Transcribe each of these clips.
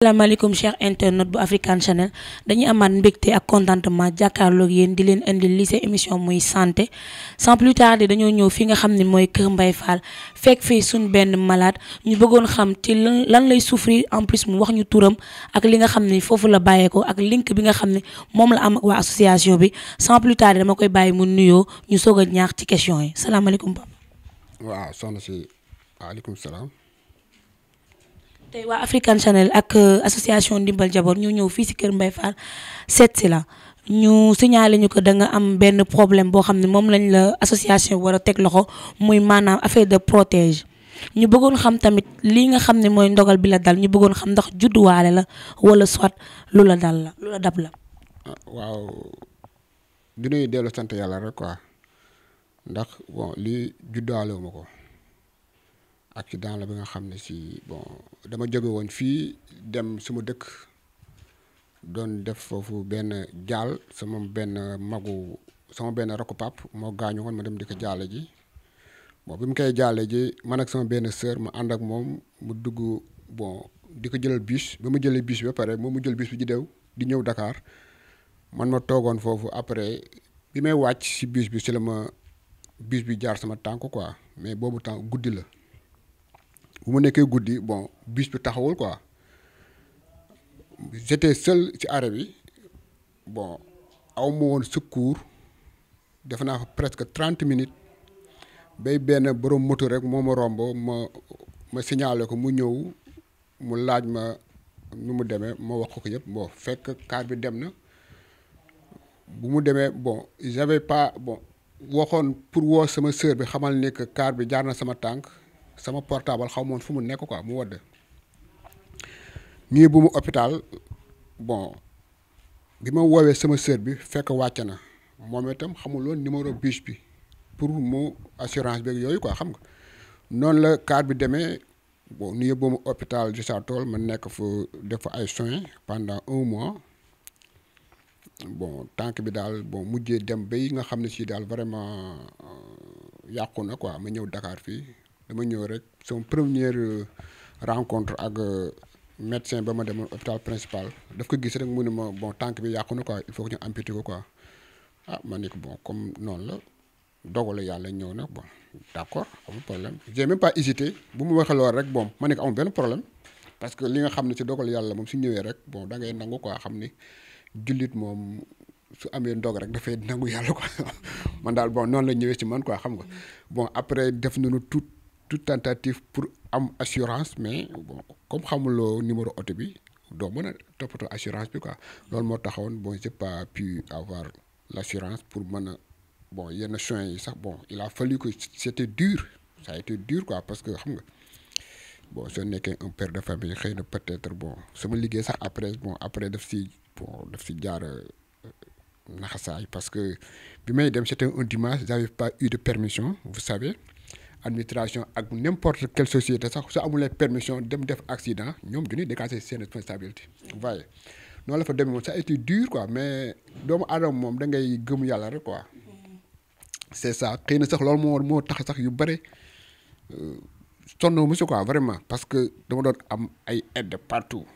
asalaamaaleykum cher internet bu African Channel dañuy amaat mbégte ak contentement jàkkaarloog yéen di leen indil li seen émission muy santé sans plus tarder dañoo ñëw fi nga xam ne mooy Kër mbay faal fekk fii suñ benn malaat ñu bëggoon xam ci lan lan lay souffrir en plus mu wax ñu turam ak li nga xam ne foofu la bàyyeekoo ak link bi nga xam ne moom la am waa association bi sans plus tarder dama koy bàyyi mu nuyoo ñu soog a ñaax ci question yi salaamaaleykum Pape. waaw soxna si tey waa African Channel ak euh, association Ndimbal Jaboot ñoo ñëw fii si kër mbay Fall seet si la ñu signalé ñu ko danga am benn problème boo xam ne moom lañ la association war a teg loxo muy maanaam affaire de protège ñu bëggoon xam tamit lii nga xam ne mooy ndogal bi la dal ñu bëggoon xam ndax judduwaale la wala soit lu la dal la lu la dab la. Ah, waaw di dellu sant yàlla rek quoi ndax bon lii judduwaale ko. accident la bi nga xam ne si bon dama jóge woon fii dem suma dëkk doon def foofu benn jaal sama benn magu sama benn rakku pap moo gaañu woon ma dem di ko jaale ji bon bi koy jaale ji man ak sama benn sœur ma ànd ak moom mu dugg bon di ko jëlal bus ba mu jëlee bus ba pare moom mu jël bus bi di dew di ñëw Dakar man ma toogoon foofu après bi may wàcc si bus bi si la ma bus bi jaar sama tànk quoi mais boobu tànk guddi la. bu mu nekkee guddi bon bus bi taxawul ko j'étais seul ci arrêt bi bon aw ma woon secours def naa fa presque trent minutes bay benn borom moto rek moo ma romb ma ma signalé ko mu ñëw mu laaj ma nu mu demee ma wax ko yëpp bon fekk car bi dem na bu mu demee bon j'avais pas bon waxoon pour woo sama sœur bi xamal ne que car bi jaar na sama tànk. sama portable xaw moon fu mu nekk quoi mu wadd nii bu mu hôpital bon bi ma woowee sama sœur bi fekk wàcce na moom itam xamuloon numéro bus bi pour mu assurance beeg yooyu quoi xam nga noonu la kaar bi demee bon nii bu mu hôpital Richard Toll ma nekk fa def fa ay soin pendant un mois bon tànk bi daal bon mujjee dem bay nga xam ne si daal vraiment euh, yàqu na quoi ma ñëw dakaar fii. dama ñëwee rek sama première euh, rencontre ak euh, médecin ba ma dem hôpital principal daf ko gis rek mu ne ma bon tànk bi yàqu na quoi il faut que ñu amputé ko quoi ah ma ne ko bon comme noonu la dogalu yàlla ñëw na bon d' accord amul problème j'ai même pas hésité bu mu waxee loolu rek bon ma nekk ko benn problème parce que li nga xam ne si dogalu yàlla moom si ñëwee rek bon da ngay nangu quoi xam ni jullit moom. su amee ndog rek dafay nangu yàlla ko man daal bon noonu la ñëwee ci man quoi xam nga bon après def nañu tout toute tentative pour am assurance mais bon comme xamuloo numéro oto bi doo mën a toppatoo assurance bi quoi loolu moo taxawoon bon j'ai pas pu avoir l'assurance pour mën a bon yenn soins yi sax bon il a fallu que c'était dur ça été dur quoi parce que xam nga bon soo nekkee un père de famille xëy na peut-être bon sama liggéey sax après bon après def si bon daf si jaar euh, naxasaay parce que bi may dem c'était un dimanche j'avais pas eu de permission vous savez administration ak n'importe quelle société sax su amulee permission dem def accident ñoom du ñuy dégager seen responsabilité. vous voyez noonu la fa demee moom ça a été dur quoi mais doomu aadama moom da ngay gëm yàlla rek quoi. c' est ça xëy na sax loolu moo moo tax sax yu bëri euh, sonn mu si quoi vraiment parce que dama doon am ay aide partout.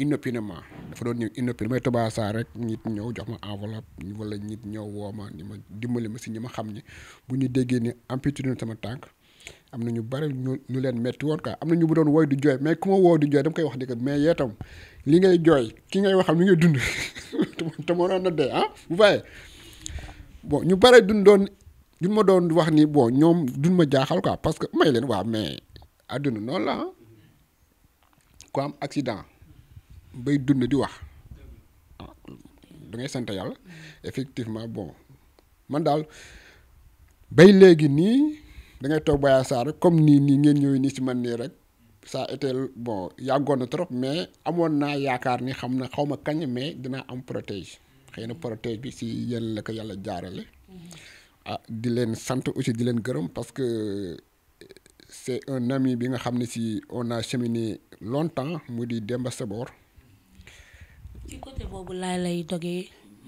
inopinément dafa doon ñëw inopiné may Touba Sarr rek nit ñëw jox ma enveloppe wala nit ñëw woo ma ni ma dimbali ma si ñi ma xam ni bu ñu déggee ni amplitude sama tànk am na ñu bari ñu ñu leen metti woon quoi am na ñu bu doon woy du jooy mais ku ma woo du jooy dama koy wax ni que mais li ngay jooy ki ngay waxal mi ngay dund te moo doon na dee ah bu bàyyee bon ñu bari dun doon duñ ma doon wax ni bon ñoom duñ ma jaaxal quoi parce que may leen waaw mais àdduna noonu la ah ku am accident. bay dund di wax ah da ngay sant yàlla effectivement bon man daal bay léegi nii dangay toog baya saa rek comme nii nii ngeen ñëwee nii si man nii rek ça était bon yàggoon na trop mais amoon naa yaakaar ni xam na xaw ma kañ mais dinaa am protège xëy na protège bi si yéen la ko yàlla jaarale. ah di leen sant aussi di leen gërëm parce que c'est un ami bi nga xam ne si on a cheminé longtemps mu di Demba Sabor. ci côté boobu laay lay dogee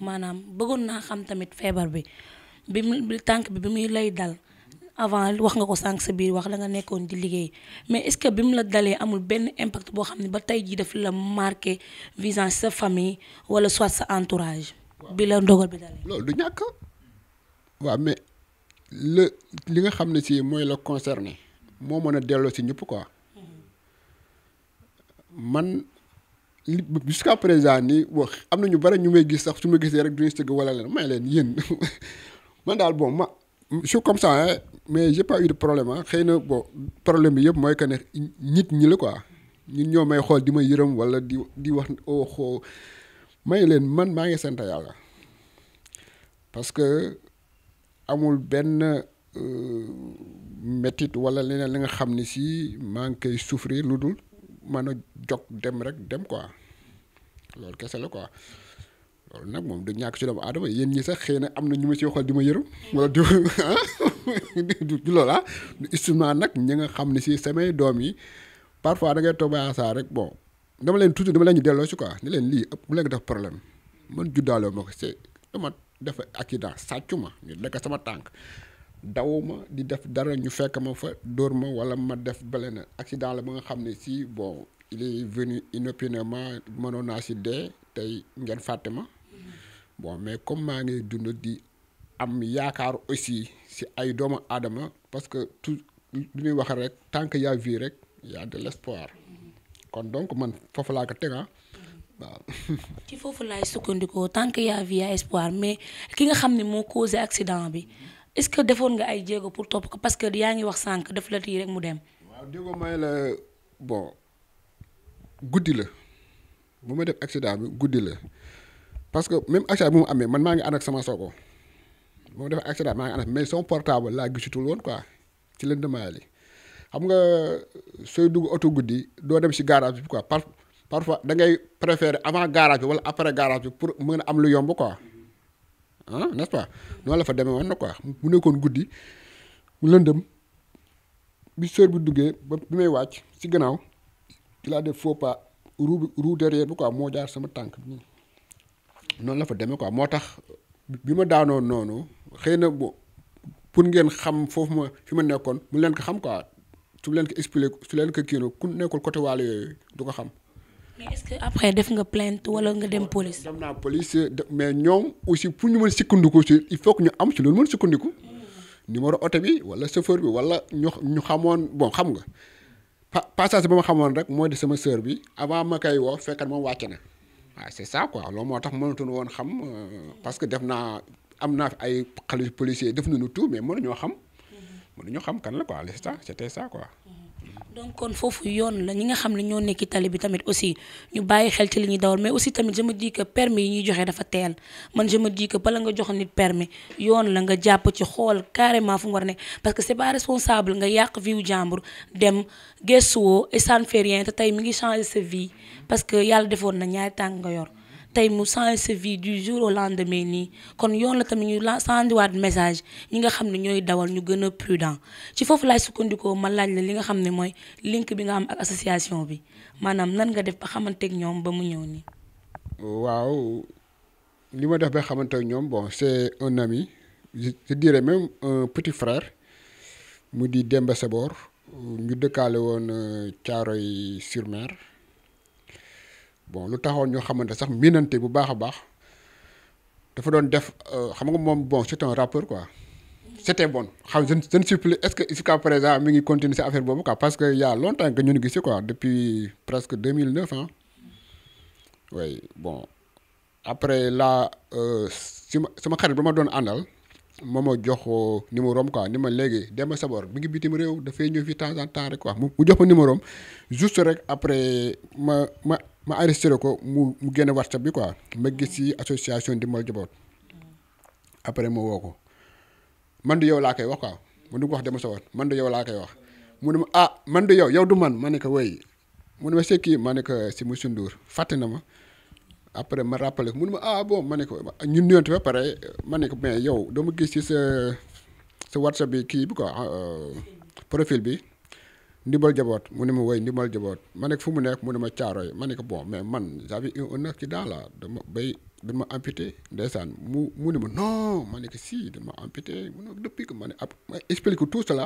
maanaam bëggoon naa xam tamit feebar bi bi mu tànk bi bi muy lay dal avant wax nga ko sànq sa biir wax la nga nekkoon di liggéey mais est-ce que bi mu la dalee amul benn impact boo xam ne ba tey jii daf la marqué visage sa famille wala soit sa entourage. bi la dogal bi dalee. loolu du ñàkk waaw mais le li nga xam ne si mooy la concerné moo mën a delloo si ñëpp quoi mm-hmm. man. li jusqu'à présent nii wax am na ñu bari ñu may gis sax su ma gisee rek duñu sëgg wala leen may leen yéen man daal bon ma je comme ça mais j'ai pas eu problème xëy na bon problème bi yëpp mooy que ne nit ñi la quoi ñi ñoo may xool di ma yërëm wala di di wax oo xoo may leen man maa ngi sant yàlla parce que amul benn euh, métit wala leneen li nga xam ni si maa ngi koy souffrir lu dul. mën a jog dem rek dem quoi loolu kese la quoi loolu nag moom du ñàkk ci doomu aadama yéen ñi sax xëy na am na ñu ma ci waxal di ma yërëm wala di du loolu ah justement nag ñi nga xam ne si samay doom yi parfois da ngay toog saa rek bon dama leen toujours dama leen ñu delloo si quoi ne leen lii ëpp bu leen def problème man juddaaloo ma ko c'est dama dafa accident sàccu ma ñu lekk sama tànk dawuma di def dara ñu fekk ma fa dóor ma wala ma def beneen accident la ba nga xam ne si bon il est venu inopinément mënoon naa si dee tey ngeen fàtte ma bon mais comme maa ngi dund di am yaakaar aussi si ay doomu aadama parce que tout lu ñuy wax rek tant que y vie rek y a de l'espoir kon donc man foofu laa ko teg ah. waaw. ci foofu laay sukkandikoo tànk que y vie espoir mais ki nga xam ne moo causé accident bi. est-ce que defoon nga ay jéego pour topp ko parce que yaa ngi wax sànq daf la tii rek mu dem. waaw déggoo may la bon guddi la bu ma def accident bi guddi la parce que même accident bi mu amee man maa ngi ànd ak sama sooko moom dafa accident maa ngi ànd mais son portable laa gisutul woon quoi ci leen demaale xam nga sooy dugg oto guddi doo dem si garage bi quoi par parfois dangay ngay préférer avant garage bi wala après garage bi pour mën a am lu yomb quoi. ah n'est-ce pas noonu la fa demee woon na quoi mu nekkoon guddi mu lëndëm bi sœur bi duggee ba bi may wàcc si gannaaw ci laa def faux pas roue roue derrière bi quoi moo jaar sama tànk noonu la fa demee quoi moo tax bi ma daanoo noonu xëy na bo pour ngeen xam foofu ma fi ma nekkoon mu leen ko xam ko quoi su leen ko expliqué su leen ko kii ku nekkul côté wàll yooyu du ko xam. mais est-ce que après def nga plainte wala nga dem police. dem naa police mais ñoom aussi pour ñu mën sukkandiku ci il faut que ñu am ci loolu mën sukkandiku. numéro oto bi wala chauffeur bi wala ñu ñu xamoon bon xam nga passage ba ma xamoon rek mooy de sama sœur bi avant ma koy woo fekkat moom wàcc na waaw c'est ça quoi loolu moo tax mënatuñu woon xam euh, parce que def naa am naa fi ay xale policiers def nañu tout mais mënuñoo xam. Mm-hmm. mënuñoo xam kan la quoi c'est ça c'était donc kon foofu yoon la ñi nga xam ne ñoo nekk tali bi tamit aussi ñu bàyyi xel ci li ñuy dawal mais aussi tamit je me dis que permis yi ñuy joxe dafa teel man je me dis que bala nga jox nit permis yoon la nga jàpp ci xool carrément fu mu war a nekk parce que c'est pas responsable nga yàq vie wu jàmbur dem gestuwoo et ça ne fait tey mi ngi changer sa vie parce que yàlla defoon na ñaari tànk nga yor. tey mu changé sa vie du jour au lendemain nii kon yoon la tamit ñu sandiwaat message ñi nga xam ne ñooy dawal ñu gën a prudent ci foofu laay sukkandikoo ma laaj la li nga xam ne mooy link bi nga am ak association bi maanaam nan nga def ba xamanteek ñoom ba mu ñëw nii. waaw li ma def ba xamanteeg ñoom bon c'est un ami je dirais même un petit frère mu di Demba ñu dëkkaale woon euh, Thiaroye sur Mer. bon lu taxoon ñoo xamante sax miinante bu baax a baax dafa doon def euh, xam nga moom bon c'est un rappeur quoi c'était bon xam je ne suis plus est-ce que jusqu'à présent mi ngi continuer si affaire boobu quoi parce que y a longtemps que ñu ngi gis quoi bon après là euh, sama sama xarit ba ma doon àndal. moo ma jox numéro am quoi ni ma léegi Demba Sabor bi ngi bitim réew dafay ñëw fi temps en temps rek quoi mu jox ma numéro am juste rek après ma ma ma enregistré ko mu mu génne WhatsApp bi quoi ma gis ci association Ndimbal Njaboot après ma woo ko man di yow laa koy wax quoi man du ko wax Demba Sabor man du yow laa koy wax mu ne ma ah man du yow yow du man ma ne ko wéy mu ne ma c'est kii ma ne ko si Youssou Ndour fàtte na ma. après ma rappelé ko mu ne ma ah bon ma ne ko ñun nuyonte ba pare ma ne ko mais yow doo ma gis ci sa sa bi kii bi quoi ah, euh, profil bi ndimbal jaboot mu ne ma woy ndimbal jaboot ma ne fu mu nekk mu ne ma caaroy ma ne ko bon mais man j'avais un accident là dama bay dañ ma amputé ndeysaan mu mu ne ma non ma ne ko si dañ ma mu ne ma ne ab ma explique ko tout cela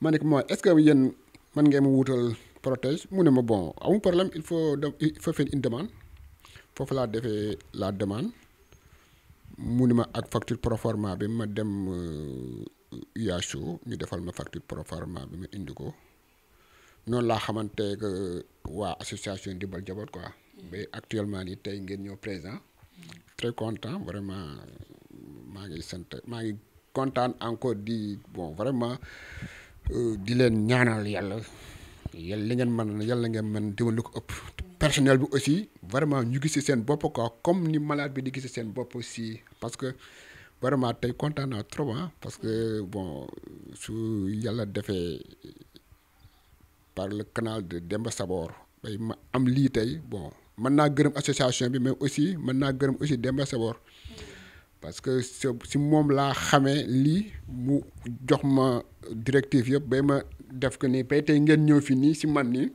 ma ne ko mooy est-ce que yéen man ngee ma wutal protege mu ne ma bon amul problème il faut il faut faire une demande foofu laa defee la demande mu ni ma ak facture proforma bi ma dem UHO ñu defal ma facture proforma bi ma indi ko noonu laa xamante waa association Ndimbal Njaboot quoi mais actuellement ni tey ngeen ñëw présent très content vraiment maa ngi sant maa ngi kontaan encore di bon vraiment euh, di leen ñaanal yàlla yàlla li ngeen mën yàlla ngeen mën diwén lu ko ëpp personnel bi aussi vraiment ñu gis ci seen bopp quoi comme ni malade bi di gis ci seen bopp si parce que vraiment tey kontaan naa trop ah parce que bon su yàlla defee par le canal de Demba Sabor bay ma am lii tey bon mën naa gërëm association bi mais aussi mën naa gërëm aussi Demba Sabor parce que si moom laa xamee lii mu jox ma directive yëpp bay ma def ko nii bay tey ngeen ñëw fi nii si man nii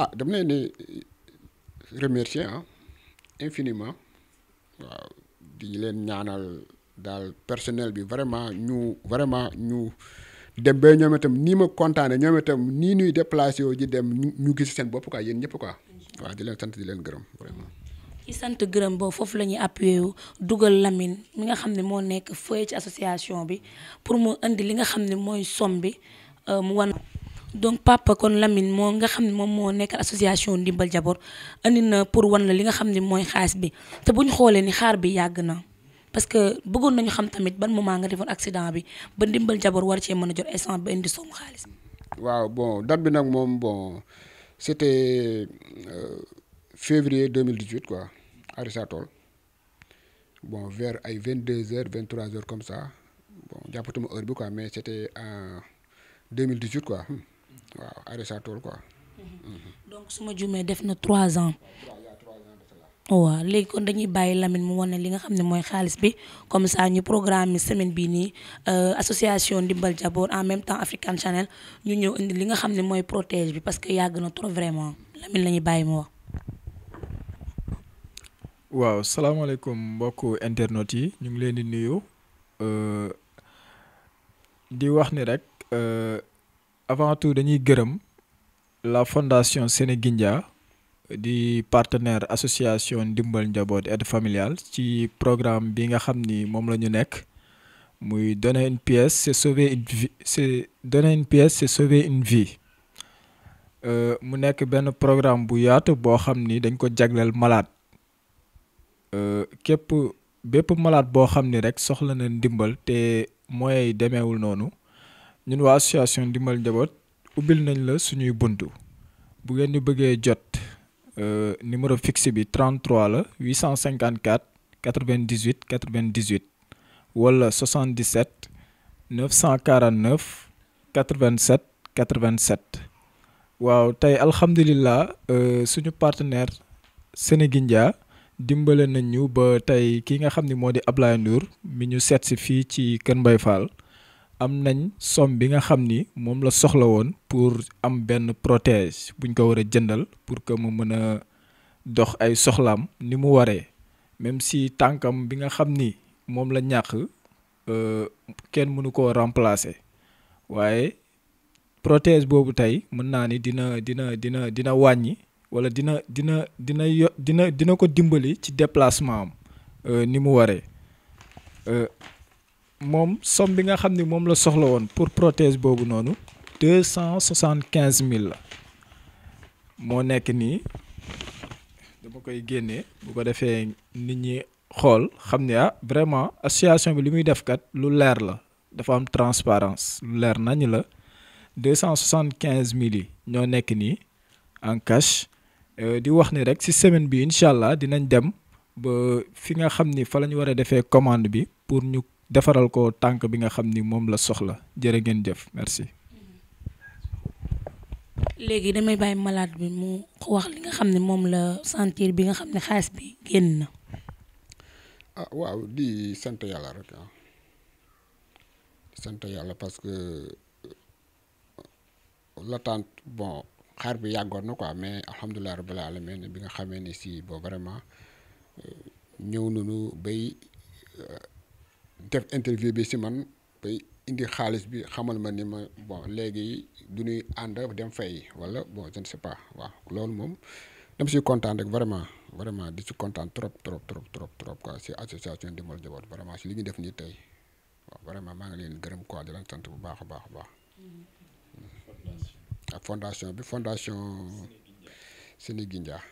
ah dama leen ne remercier ah infiniment waaw di leen ñaanal daal personnel bi vraiment ñu vraiment ñu dem ba ñoom itam nii ma kontaane ñoom itam nii ñuy déplacé wu ji dem ñu gis seen bopp quoi yéen ñëpp quoi waaw di leen sant di leen gërëm vraiment. ci sant gërëm boobu foofu lañuy ñuy appuyé dugal Lamine mi nga xam ne moo nekk fooy ci association bi pour mu indi li nga xam ne mooy som bi euh, mu wan. donc papa kon Lamine moo nga xam ne moom moo nekk association ndimbal jaboot andi na pour wan la li nga xam ne mooy xaalis bi te buñ ñu xoolee ni xaar bi yàgg na parce que bëggoon nañu xam tamit ban moment nga defoon accident bi ba ndimbal jaboor war cee mën a jot essence ba indi soom xaalis. waaw bon date bi nag moom bon c'était euh, février 2018 quoi Arissa Toll bon vers ay 22 heures 23 heures comme ça bon jàppatuma heure bi quoi mais c'était en 2018 quoi. waaw Arissa Tall quoi. Mhm. donc su ma jumee def na trois ans. waaw léegi kon dañuy bàyyi lamit mu wane li nga xam ne mooy xaalis bi comme ça ñu programme semaine bii nii euh, association Ndimbal Jaboor en même temps African Channel ñu ñëw indi li nga xam ne mooy protège bi parce que yàgg na trop vraiment Lamine la ñuy bàyyi mu wax. waaw salaamaaleykum mbokku internet yi ñu ngi leen di nuyu euh, di wax ni rek. Euh, avant tout dañuy gërëm la fondation Sénégindia di partenaire association ndimbal njaboot aide familiale ci programme bi nga xam ni moom la ñu nekk muy donner une pièce c'est sauver une vie c'est donner une pièce c'est sauver une vie euh, mu nekk benn programme bu yaatu boo xam ni dañ ko jagleel malade euh, képp bépp malade boo xam ni rek soxla na ndimbal te mooy demeewul noonu ñun waa association Ndimbal Njaboot ubbil nañ la suñuy buntu bu ngeen ñu bëggee jot euh, numéro fixe bi 33 la 854 98 98 wala 77 949 87 87 waaw tey alhamdulilah euh, suñu partenaire Sénégindia dimbale nañ ñu ba tey ki nga xam ni moo di Ablaye Ndour mi ñu seet si fii ci Kër Mbaye Fall. am nañ somme bi nga xam ni moom la soxla woon pour am benn protège buñ ko war a jëndal pour que mu mën a dox ay soxlaam ni mu waree même si tànkam bi nga xam ni moom la ñàkk euh, kenn mënu koo remplacer waaye protège boobu tey mën naa ni dina dina dina dina wàññi wala dina dina dina dina dina ko dimbali ci déplacement am euh, ni mu waree euh, moom somme bi nga xam ni moom la soxla woon pour prothèse boobu noonu deux cent soixante quinze mille la moo nekk nii dama koy génnee bu ko defee nit ñi xool xam ne ah vraiment association bi lu muy def kat lu leer la dafa am transparence lu leer nañ la deux cent soixante quinze mille yi ñoo nekk nii en cash euh, di wax ni rek ci semaine bi incha allah dinañ dem ba fi nga xam ni fa la ñu war a defee commande bi pour ñu. defaral ko tànk bi nga xam ni moom la soxla jërë ngeen jëf merci. léegi damay bàyyi malaat bi mu wax li nga xam ne moom la sentir bi nga xam ne xaalis bi génn na. ah waaw di sant yàlla rek ah. yàlla parce que la euh, l'attente bon xaar bi yàggoon na ko am mais alhamdulilah rabbil alamin bi nga xamee ni si bon vraiment euh, ñëw nañu bay. Euh, def interview bi si man bay indi xaalis bi xamal ma ni ma bon léegi du ñuy ànd dem fay wala bon je ne sais pas waaw loolu moom dama si kontaan rek vraiment vraiment di si kontaan trop trop trop trop trop quoi si association Ndimbal Njaboot vraiment si li ñu def nii tey waaw vraiment maa ngi leen gërëm quoi di leen sant bu baax baax a baax. Mm-hmm. ak fondation bi fondation. Sénégal Ndiaye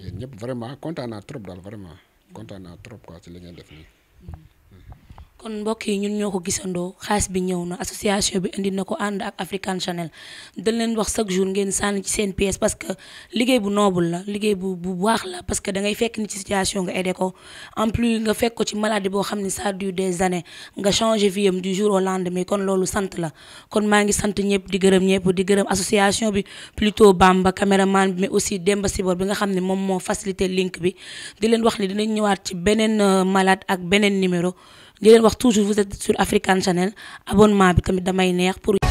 yéen ñëpp vraiment kontaan naa trop daal vraiment mm-hmm. kontaan naa trop quoi si li def nii. Mm-hmm. kon mbokk yi ñun ñoo ko gisandoo xaas bi ñëw na association bi indi na ko ànd ak African Channel dañ leen wax chaque jour ngeen sànni ci seen pièce parce que liggéey bu noble la liggéey bu bu baax la parce que da ngay fekk ni ci situation nga aidé ko en plus nga fekk ko ci maladie boo xam ne ça dure des années nga changé vie du jour au lendemain kon loolu sant la kon maa ngi sant ñëpp di gërëm ñëpp di gërëm association bi plutôt Bamba caméraman bi mais aussi Demba Sibor bi nga xam ne moom moo facilité link bi di leen wax ni dinañ ñëwaat ci beneen euh, malade ak beneen numéro di leen wax toujours vous êtes sur African Channel abonnement bi tamit damay neex pour.